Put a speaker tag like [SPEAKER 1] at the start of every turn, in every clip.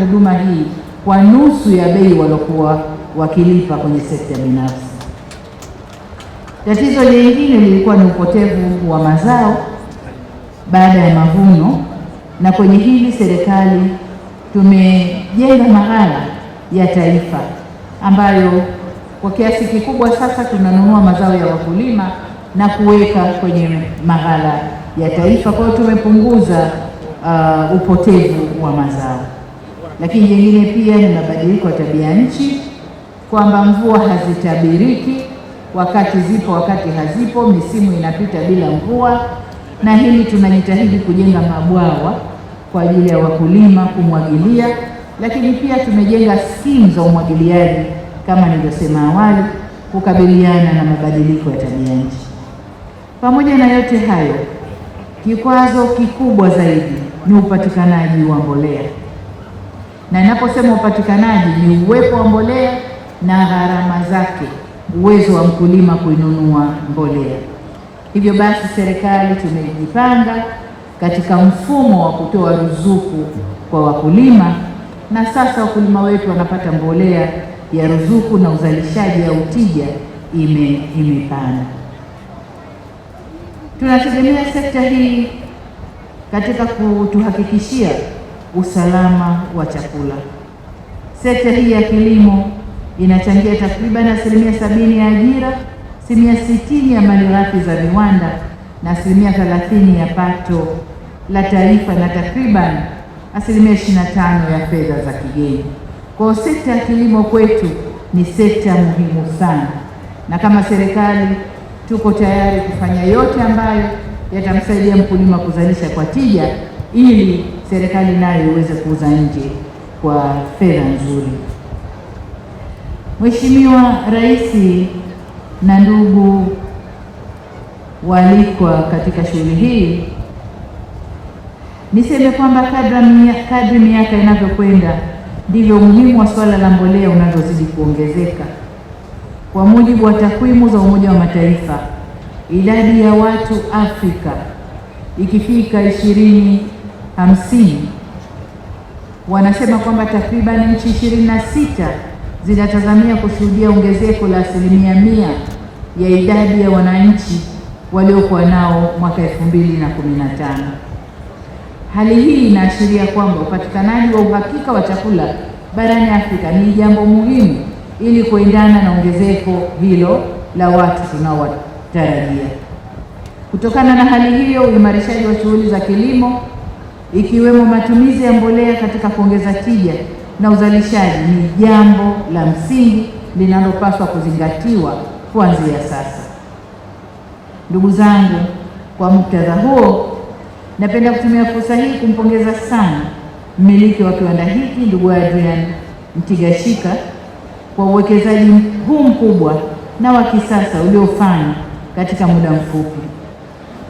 [SPEAKER 1] kwenye huduma hii kwa nusu ya bei waliokuwa wakilipa kwenye sekta binafsi. Tatizo lingine lilikuwa ni upotevu wa mazao baada ya mavuno, na kwenye hili serikali tumejenga maghala ya taifa ambayo kwa kiasi kikubwa sasa tunanunua mazao ya wakulima na kuweka kwenye maghala ya taifa. Kwa hiyo tumepunguza uh, upotevu wa mazao. Lakini jingine pia ni mabadiliko ya tabia nchi, kwamba mvua hazitabiriki, wakati zipo, wakati hazipo, misimu inapita bila mvua, na hili tunajitahidi kujenga mabwawa kwa ajili ya wakulima kumwagilia, lakini pia tumejenga skimu za umwagiliaji kama nilivyosema awali, kukabiliana na mabadiliko ya tabia nchi. Pamoja na yote hayo, kikwazo kikubwa zaidi ni upatikanaji wa mbolea na inaposema upatikanaji ni uwepo wa mbolea na gharama zake, uwezo wa mkulima kuinunua mbolea. Hivyo basi, serikali tumejipanga katika mfumo wa kutoa ruzuku kwa wakulima, na sasa wakulima wetu wanapata mbolea ya ruzuku na uzalishaji au tija ime imepanda. Tunategemea sekta hii katika kutuhakikishia usalama wa chakula. Sekta hii ya kilimo inachangia takriban asilimia sabini ya ajira, asilimia sitini ya malighafi za viwanda na asilimia thelathini ya pato la taifa na takriban asilimia ishirini na tano ya fedha za kigeni. Kwa hiyo sekta ya kilimo kwetu ni sekta muhimu sana, na kama serikali tuko tayari kufanya yote ambayo yatamsaidia mkulima kuzalisha kwa tija ili serikali nayo iweze kuuza nje kwa fedha nzuri. Mheshimiwa Rais na ndugu waalikwa katika shughuli hii, niseme kwamba kadri miaka inavyokwenda ndivyo umuhimu wa suala la mbolea unavyozidi kuongezeka. Kwa mujibu wa takwimu za Umoja wa Mataifa, idadi ya watu Afrika ikifika ishirini hamsini wanasema kwamba takriban nchi ishirini na sita zinatazamia kushuhudia ongezeko la asilimia mia ya idadi ya wananchi waliokuwa nao mwaka elfu mbili na kumi na tano. Hali hii inaashiria kwamba upatikanaji wa uhakika wa chakula barani Afrika ni jambo muhimu ili kuendana na ongezeko hilo la watu tunaowatarajia. Kutokana na hali hiyo, uimarishaji wa shughuli za kilimo ikiwemo matumizi ya mbolea katika kuongeza tija na uzalishaji ni jambo la msingi linalopaswa kuzingatiwa kuanzia sasa. Ndugu zangu, kwa muktadha huo, napenda kutumia fursa hii kumpongeza sana mmiliki wa kiwanda hiki ndugu Adrian Mtigashika kwa uwekezaji huu mkubwa na wa kisasa uliofanya katika muda mfupi.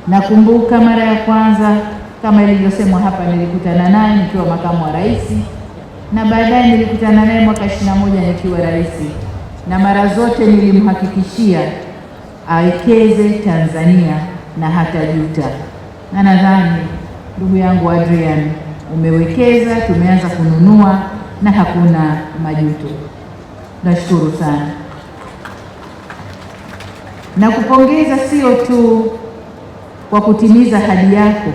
[SPEAKER 1] Nakumbuka mara ya kwanza kama ilivyosemwa hapa, nilikutana naye nikiwa makamu wa rais na baadaye nilikutana naye mwaka 21 nikiwa rais, na mara zote nilimhakikishia awekeze Tanzania na hata juta, na nadhani ndugu yangu Adrian umewekeza, tumeanza kununua na hakuna majuto. Nashukuru sana na kupongeza sio tu kwa kutimiza hadi yako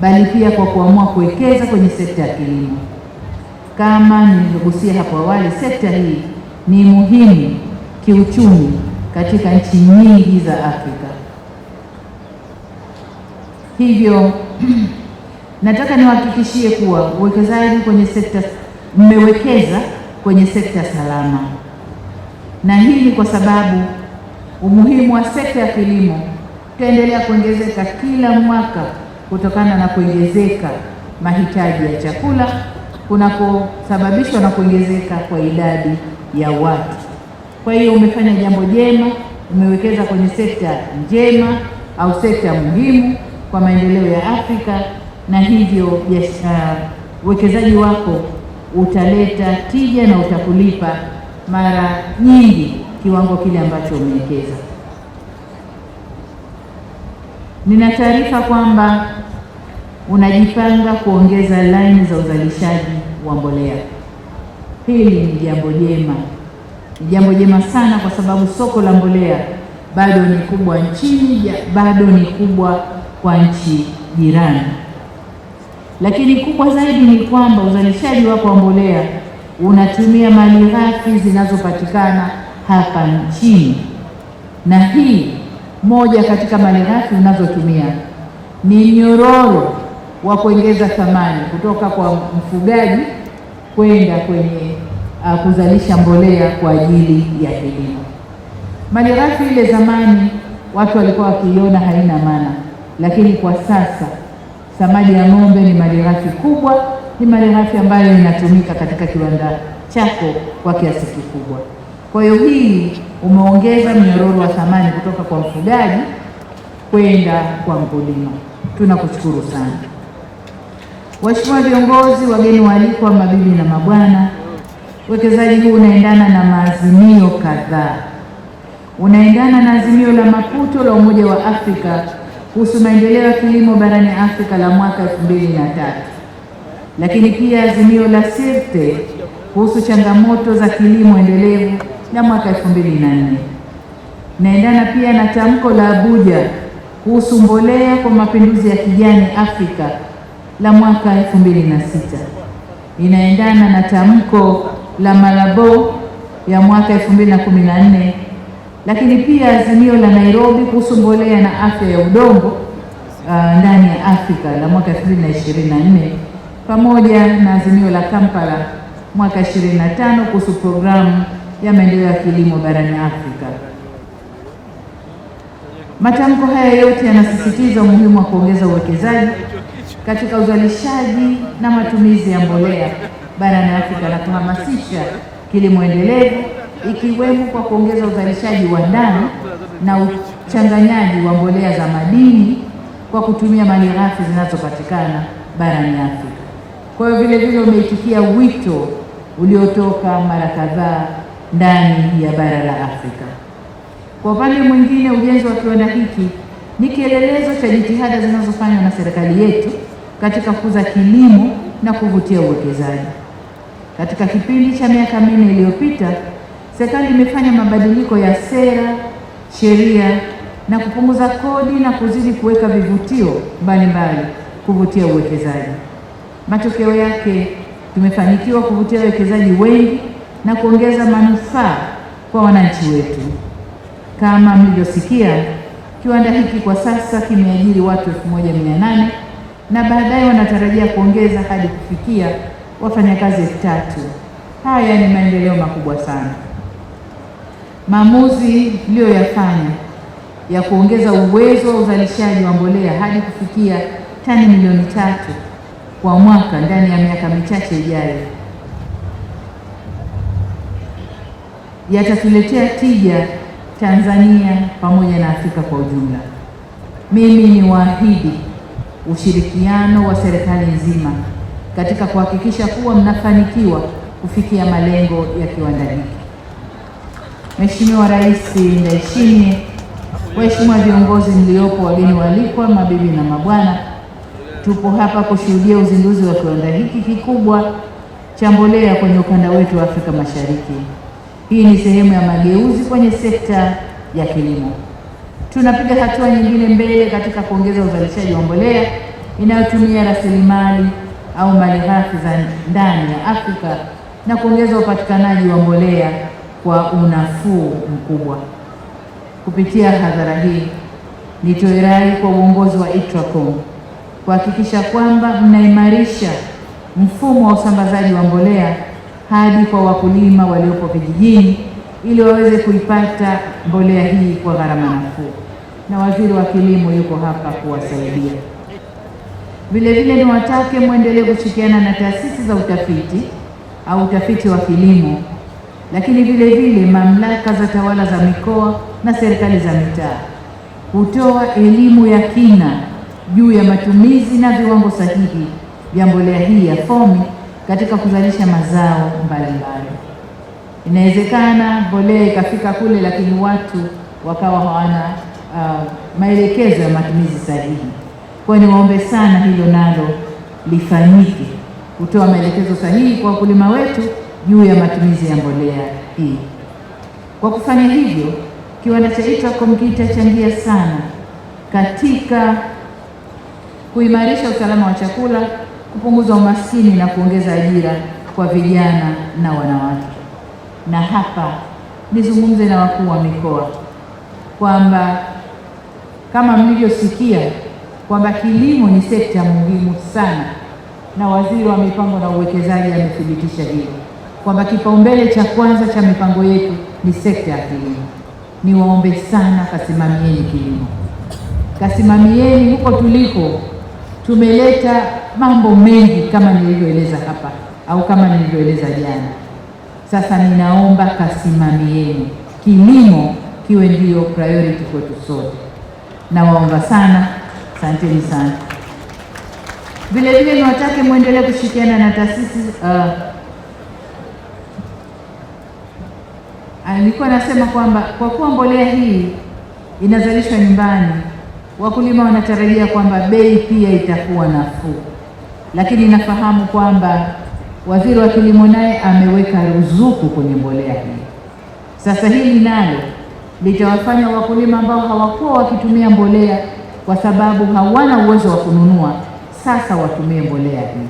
[SPEAKER 1] bali pia kwa kuamua kuwekeza kwenye sekta ya kilimo. Kama nilivyogusia hapo awali, sekta hii ni muhimu kiuchumi katika nchi nyingi za Afrika. Hivyo nataka niwahakikishie kuwa uwekezaji kwenye sekta, mmewekeza kwenye sekta salama, na hii ni kwa sababu umuhimu wa sekta ya kilimo utaendelea kuongezeka kila mwaka kutokana na kuongezeka mahitaji ya chakula kunakosababishwa na kuongezeka kwa idadi ya watu. Kwa hiyo umefanya jambo jema, umewekeza kwenye sekta njema au sekta muhimu kwa maendeleo ya Afrika, na hivyo uwekezaji uh, wako utaleta tija na utakulipa mara nyingi kiwango kile ambacho umewekeza. Nina taarifa kwamba unajipanga kuongeza laini za uzalishaji wa mbolea. Hili ni jambo jema, ni jambo jema sana, kwa sababu soko la mbolea bado ni kubwa nchini, bado ni kubwa kwa nchi jirani. Lakini kubwa zaidi ni kwamba uzalishaji wako wa mbolea unatumia malighafi zinazopatikana hapa nchini, na hii moja katika malighafi unazotumia ni mnyororo wa kuongeza thamani kutoka kwa mfugaji kwenda kwenye uh, kuzalisha mbolea kwa ajili ya kilimo. Malighafi ile zamani watu walikuwa wakiiona haina maana, lakini kwa sasa samadi ya ng'ombe ni malighafi kubwa, ni malighafi ambayo inatumika katika kiwanda chako kwa kiasi kikubwa. Kwa hiyo hii umeongeza mnyororo wa thamani kutoka kwa mfugaji kwenda kwa mkulima. Tunakushukuru sana. Waheshimiwa viongozi, wageni waalikwa, mabibi na mabwana, uwekezaji huu unaendana na maazimio kadhaa. Unaendana na azimio la Maputo la Umoja wa Afrika kuhusu maendeleo ya kilimo barani Afrika la mwaka 2003 lakini pia azimio la Sirte kuhusu changamoto za kilimo endelevu ya mwaka 2004. Naendana pia na tamko la Abuja kuhusu mbolea kwa mapinduzi ya kijani Afrika la mwaka 2006. Inaendana na tamko la Malabo ya mwaka 2014, lakini pia azimio la Nairobi kuhusu mbolea na afya ya udongo uh, ndani ya Afrika la mwaka 2024 pamoja na azimio la Kampala mwaka 25 kuhusu programu ya maendeleo ya kilimo barani Afrika. Matamko haya yote yanasisitiza umuhimu wa kuongeza uwekezaji katika uzalishaji na matumizi ya mbolea barani Afrika na kuhamasisha kilimo endelevu ikiwemo kwa kuongeza uzalishaji wa ndani na uchanganyaji wa mbolea za madini kwa kutumia malighafi zinazopatikana barani Afrika. Kwa hiyo, vile vile umeitikia wito uliotoka mara kadhaa ndani ya bara la Afrika. Kwa upande mwingine, ujenzi wa kiwanda hiki ni kielelezo cha jitihada zinazofanywa na serikali yetu katika kukuza kilimo na kuvutia uwekezaji. Katika kipindi cha miaka minne iliyopita, serikali imefanya mabadiliko ya sera, sheria na kupunguza kodi na kuzidi kuweka vivutio mbalimbali kuvutia uwekezaji. Matokeo yake tumefanikiwa kuvutia wawekezaji wengi na kuongeza manufaa kwa wananchi wetu. Kama mlivyosikia, kiwanda hiki kwa sasa kimeajiri watu 1800 na baadaye wanatarajia kuongeza hadi kufikia wafanyakazi elfu tatu. Haya ni maendeleo makubwa sana. Maamuzi mliyoyafanya ya kuongeza uwezo wa uzalishaji wa mbolea hadi kufikia tani milioni tatu kwa mwaka ndani ya miaka michache ijayo yatatuletea tija Tanzania pamoja na Afrika kwa ujumla. Mimi ni waahidi ushirikiano wa serikali nzima katika kuhakikisha kuwa mnafanikiwa kufikia malengo ya kiwanda hiki. Mheshimiwa Rais Ndayishimiye, waheshimiwa viongozi mliopo, wageni walikwa, mabibi na mabwana, tupo hapa kushuhudia uzinduzi wa kiwanda hiki kikubwa cha mbolea kwenye ukanda wetu wa Afrika Mashariki. Hii ni sehemu ya mageuzi kwenye sekta ya kilimo. Tunapiga hatua nyingine mbele katika kuongeza uzalishaji wa mbolea inayotumia rasilimali au malighafi za ndani ya Afrika na kuongeza upatikanaji wa mbolea kwa unafuu mkubwa. Kupitia hadhara hii, nitoe rai kwa uongozi wa Itracom kuhakikisha kwamba mnaimarisha mfumo wa usambazaji wa mbolea hadi kwa wakulima waliopo vijijini ili waweze kuipata mbolea hii kwa gharama nafuu, na waziri wa kilimo yuko hapa kuwasaidia. Vilevile watake mwendelee kushirikiana na taasisi za utafiti au utafiti wa kilimo, lakini vile vile mamlaka za tawala za mikoa na serikali za mitaa kutoa elimu ya kina juu ya matumizi na viwango sahihi vya mbolea hii ya FOMI katika kuzalisha mazao mbalimbali. Inawezekana mbolea ikafika kule, lakini watu wakawa hawana uh, maelekezo ya matumizi sahihi. Kwa hiyo niwaombe sana hilo nalo lifanyike, kutoa maelekezo sahihi kwa wakulima wetu juu ya matumizi ya mbolea hii. Kwa kufanya hivyo, kiwanda cha Itacom kitachangia sana katika kuimarisha usalama wa chakula kupunguza umaskini na kuongeza ajira kwa vijana na wanawake. Na hapa nizungumze na wakuu wa mikoa kwamba kama mlivyosikia kwamba kilimo ni sekta muhimu sana, na waziri wa mipango na uwekezaji amethibitisha hilo kwamba kipaumbele cha kwanza cha mipango yetu ni sekta ya kilimo. Niwaombe sana, kasimamieni kilimo, kasimamieni. Huko tuliko tumeleta mambo mengi kama nilivyoeleza hapa au kama nilivyoeleza jana. Sasa ninaomba kasimamieni, kilimo kiwe ndiyo priority kwetu sote. Nawaomba sana, asanteni sana. Vile vile niwatake mwendelee kushirikiana na taasisi uh, nilikuwa nasema kwamba kwa kuwa mbolea hii inazalishwa nyumbani, wakulima wanatarajia kwamba bei pia itakuwa nafuu lakini nafahamu kwamba waziri wa kilimo naye ameweka ruzuku kwenye mbolea hii. Sasa hili nalo litawafanya wakulima ambao hawakuwa wakitumia mbolea kwa sababu hawana uwezo wa kununua, sasa watumie mbolea hii.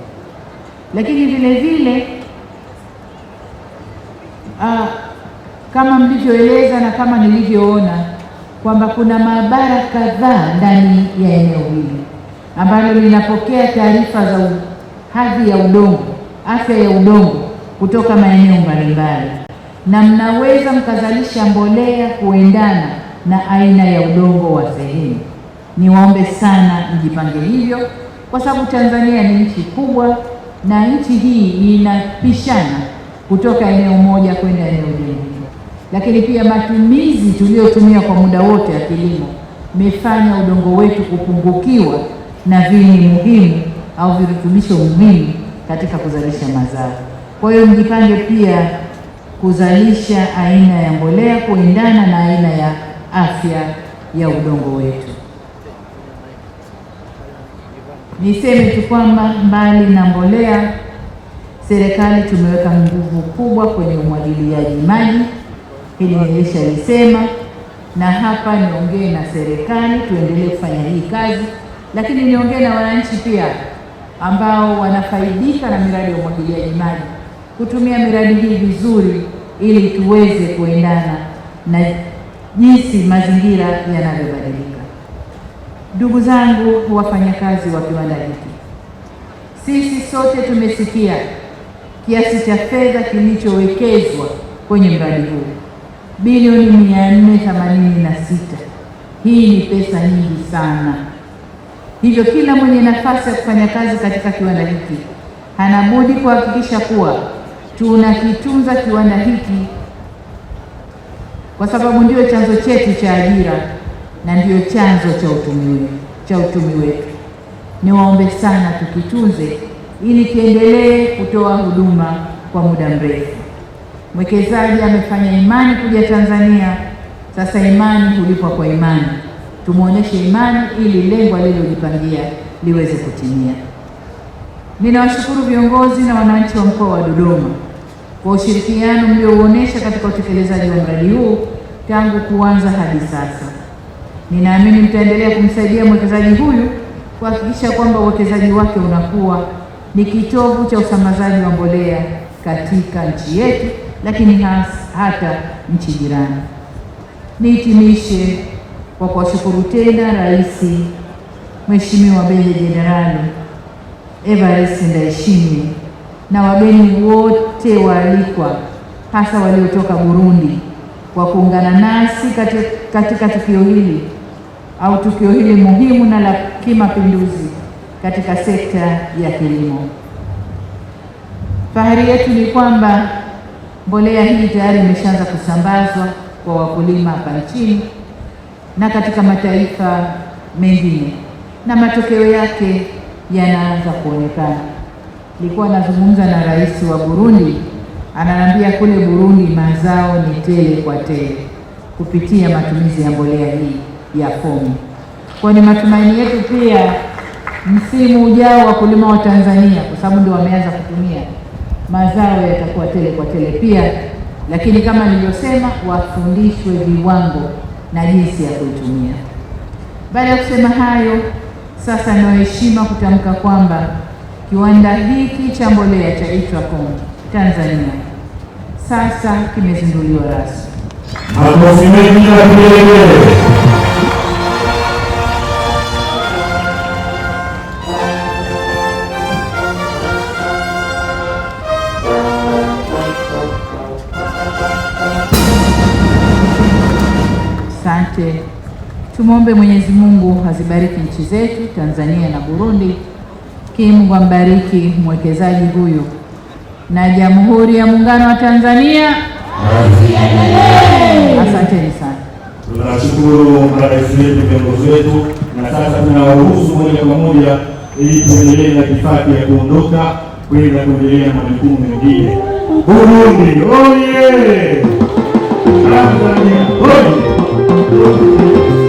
[SPEAKER 1] Lakini vile vile aa, ah, kama mlivyoeleza na kama nilivyoona kwamba kuna maabara kadhaa ndani ya eneo hili ambalo linapokea taarifa za hadhi ya udongo, afya ya udongo kutoka maeneo mbalimbali, na mnaweza mkazalisha mbolea kuendana na aina ya udongo wa sehemu. Niwaombe sana mjipange hivyo, kwa sababu Tanzania ni nchi kubwa na nchi hii inapishana kutoka eneo moja kwenda eneo jingine, lakini pia matumizi tuliyotumia kwa muda wote ya kilimo mefanya udongo wetu kupungukiwa na viini muhimu au virutubisho muhimu katika kuzalisha mazao. Kwa hiyo mjipange pia kuzalisha aina ya mbolea kuendana na aina ya afya ya udongo wetu. Niseme tu kwamba mbali na mbolea, serikali tumeweka nguvu kubwa kwenye umwagiliaji maji, hili nilishalisema, na hapa niongee na serikali, tuendelee kufanya hii kazi lakini niongee na wananchi pia ambao wanafaidika na miradi ya umwagiliaji maji kutumia miradi hii vizuri, ili tuweze kuendana na jinsi mazingira yanavyobadilika. Ndugu zangu wafanyakazi wa kiwanda hiki, sisi sote tumesikia kiasi cha fedha kilichowekezwa kwenye mradi huu bilioni 486. Hii ni pesa nyingi sana. Hivyo kila mwenye nafasi ya kufanya kazi katika kiwanda hiki hana budi kuhakikisha kuwa tunakitunza kiwanda hiki, kwa sababu ndiyo chanzo chetu cha ajira na ndiyo chanzo cha uchumi cha uchumi wetu. Niwaombe sana tukitunze, ili kiendelee kutoa huduma kwa muda mrefu. Mwekezaji amefanya imani kuja Tanzania, sasa imani hulipwa kwa imani tumwonyeshe imani ili lengo alilojipangia liweze kutimia. Ninawashukuru viongozi na wananchi wa mkoa wa Dodoma kwa ushirikiano mliouonyesha katika utekelezaji wa mradi huu tangu kuanza hadi sasa. Ninaamini mtaendelea kumsaidia mwekezaji huyu kuhakikisha kwamba uwekezaji wake unakuwa ni kitovu cha usambazaji wa mbolea katika nchi yetu, lakini hasa hata nchi jirani. Nihitimishe kwa kuwashukuru tena Rais Mheshimiwa Meja Jenerali Evariste Ndayishimiye na wageni wote waalikwa, hasa waliotoka Burundi kwa kuungana nasi katika tukio hili au tukio hili muhimu na la kimapinduzi katika sekta ya kilimo. Fahari yetu ni kwamba mbolea hii tayari imeshaanza kusambazwa kwa wakulima hapa nchini na katika mataifa mengine, na matokeo yake yanaanza kuonekana. Nilikuwa nazungumza na rais wa Burundi, ananiambia kule Burundi mazao ni tele kwa tele kupitia matumizi ya mbolea hii ya fomu. Kwa ni matumaini yetu pia msimu ujao wakulima wa Tanzania, kwa sababu ndio wameanza kutumia, mazao yatakuwa tele kwa tele pia, lakini kama nilivyosema, wafundishwe viwango na jinsi ya kuitumia. Baada ya kusema hayo, sasa na heshima kutamka kwamba kiwanda hiki cha mbolea cha Itracom Tanzania sasa kimezinduliwa rasmi.
[SPEAKER 2] Makofi mengi na vigelegele.
[SPEAKER 1] Tumwombe Mwenyezi Mungu azibariki nchi zetu Tanzania na Burundi. Mungu ambariki mwekezaji huyu na Jamhuri ya Muungano wa Tanzania. Asanteni sana,
[SPEAKER 2] tunashukuru marais wetu, viongozi wetu, na sasa tunawaruhusu moja kwa moja ili tuendelee na itifaki ya kuondoka kwenda kuendelea na majukumu mengine. Burundi oye! Tanzania oye!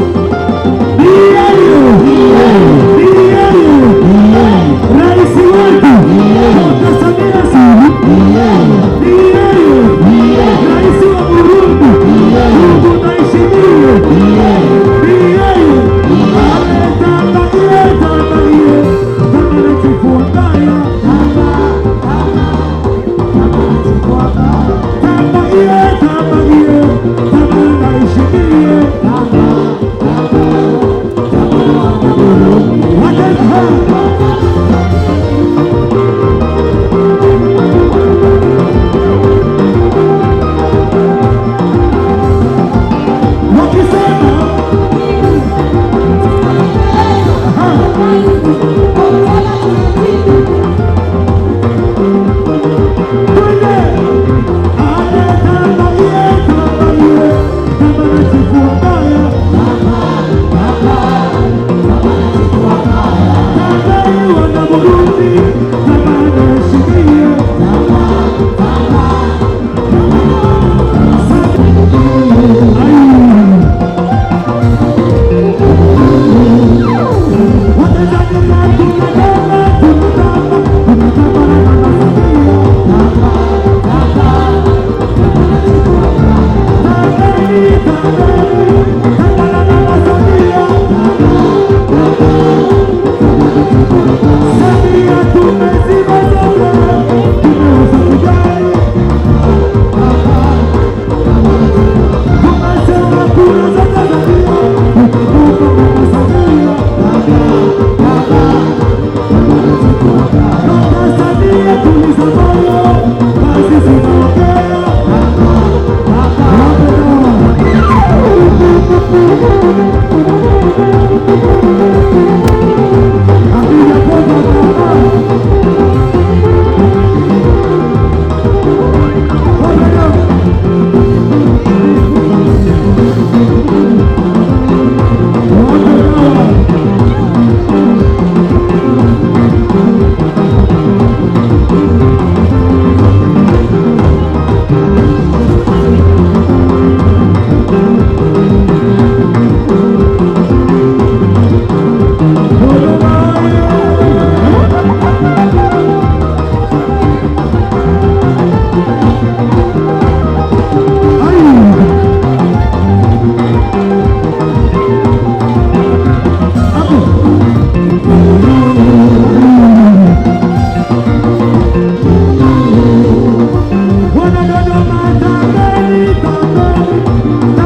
[SPEAKER 2] Thank you.